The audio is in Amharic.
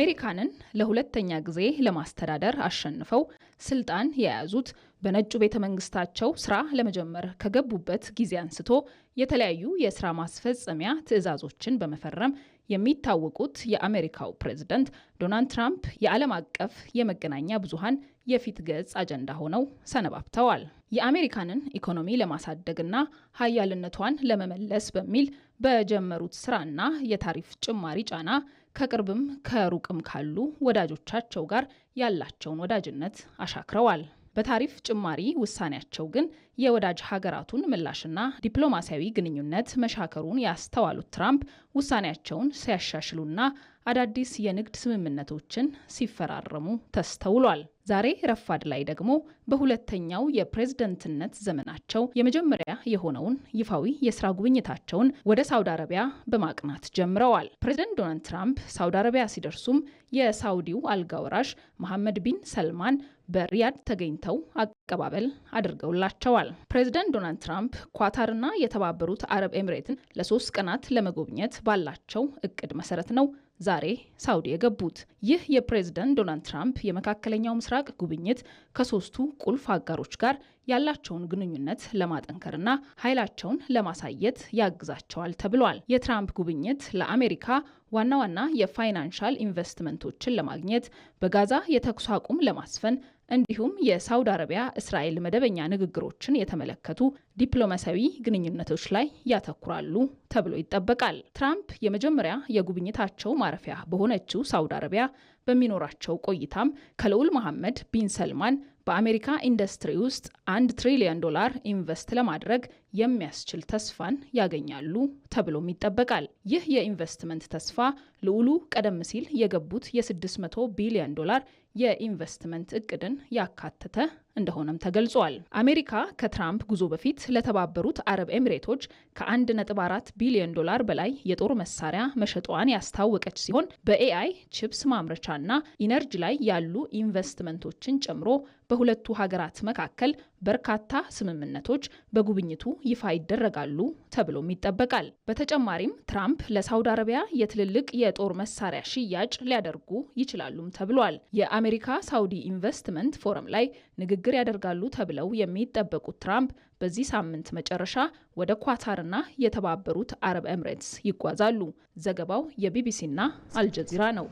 አሜሪካንን ለሁለተኛ ጊዜ ለማስተዳደር አሸንፈው ስልጣን የያዙት በነጩ ቤተ መንግስታቸው ስራ ለመጀመር ከገቡበት ጊዜ አንስቶ የተለያዩ የስራ ማስፈጸሚያ ትዕዛዞችን በመፈረም የሚታወቁት የአሜሪካው ፕሬዝደንት ዶናልድ ትራምፕ የዓለም አቀፍ የመገናኛ ብዙሃን የፊት ገጽ አጀንዳ ሆነው ሰነባብተዋል። የአሜሪካንን ኢኮኖሚ ለማሳደግና ሀያልነቷን ለመመለስ በሚል በጀመሩት ስራና የታሪፍ ጭማሪ ጫና ከቅርብም ከሩቅም ካሉ ወዳጆቻቸው ጋር ያላቸውን ወዳጅነት አሻክረዋል። በታሪፍ ጭማሪ ውሳኔያቸው ግን የወዳጅ ሀገራቱን ምላሽና ዲፕሎማሲያዊ ግንኙነት መሻከሩን ያስተዋሉት ትራምፕ ውሳኔያቸውን ሲያሻሽሉና አዳዲስ የንግድ ስምምነቶችን ሲፈራረሙ ተስተውሏል። ዛሬ ረፋድ ላይ ደግሞ በሁለተኛው የፕሬዝደንትነት ዘመናቸው የመጀመሪያ የሆነውን ይፋዊ የስራ ጉብኝታቸውን ወደ ሳውዲ አረቢያ በማቅናት ጀምረዋል። ፕሬዝደንት ዶናልድ ትራምፕ ሳውዲ አረቢያ ሲደርሱም የሳውዲው አልጋወራሽ መሐመድ ቢን ሰልማን በሪያድ ተገኝተው አቀባበል አድርገውላቸዋል። ፕሬዝደንት ዶናልድ ትራምፕ ኳታርና የተባበሩት አረብ ኤምሬትን ለሶስት ቀናት ለመጎብኘት ባላቸው እቅድ መሰረት ነው ዛሬ ሳውዲ የገቡት። ይህ የፕሬዝደንት ዶናልድ ትራምፕ የመካከለኛው ምስራቅ ጉብኝት ከሶስቱ ቁልፍ አጋሮች ጋር ያላቸውን ግንኙነት ለማጠንከርና ኃይላቸውን ለማሳየት ያግዛቸዋል ተብሏል። የትራምፕ ጉብኝት ለአሜሪካ ዋና ዋና የፋይናንሻል ኢንቨስትመንቶችን ለማግኘት በጋዛ የተኩስ አቁም ለማስፈን እንዲሁም የሳውዲ አረቢያ እስራኤል መደበኛ ንግግሮችን የተመለከቱ ዲፕሎማሲያዊ ግንኙነቶች ላይ ያተኩራሉ ተብሎ ይጠበቃል። ትራምፕ የመጀመሪያ የጉብኝታቸው ማረፊያ በሆነችው ሳውዲ አረቢያ በሚኖራቸው ቆይታም ከልዑል መሐመድ ቢን ሰልማን በአሜሪካ ኢንዱስትሪ ውስጥ አንድ ትሪሊዮን ዶላር ኢንቨስት ለማድረግ የሚያስችል ተስፋን ያገኛሉ ተብሎም ይጠበቃል። ይህ የኢንቨስትመንት ተስፋ ልዑሉ ቀደም ሲል የገቡት የ600 ቢሊዮን ዶላር የኢንቨስትመንት እቅድን ያካተተ እንደሆነም ተገልጿል። አሜሪካ ከትራምፕ ጉዞ በፊት ለተባበሩት አረብ ኤሚሬቶች ከ1.4 ቢሊዮን ዶላር በላይ የጦር መሳሪያ መሸጧን ያስታወቀች ሲሆን በኤአይ ቺፕስ ማምረቻና ኢነርጂ ላይ ያሉ ኢንቨስትመንቶችን ጨምሮ በሁለቱ ሀገራት መካከል በርካታ ስምምነቶች በጉብኝቱ ይፋ ይደረጋሉ ተብሎም ይጠበቃል። በተጨማሪም ትራምፕ ለሳውዲ አረቢያ የትልልቅ የጦር መሳሪያ ሽያጭ ሊያደርጉ ይችላሉም ተብሏል። የአሜሪካ ሳውዲ ኢንቨስትመንት ፎረም ላይ ንግግር ያደርጋሉ ተብለው የሚጠበቁት ትራምፕ በዚህ ሳምንት መጨረሻ ወደ ኳታርና የተባበሩት አረብ ኤምሬትስ ይጓዛሉ። ዘገባው የቢቢሲና አልጀዚራ ነው።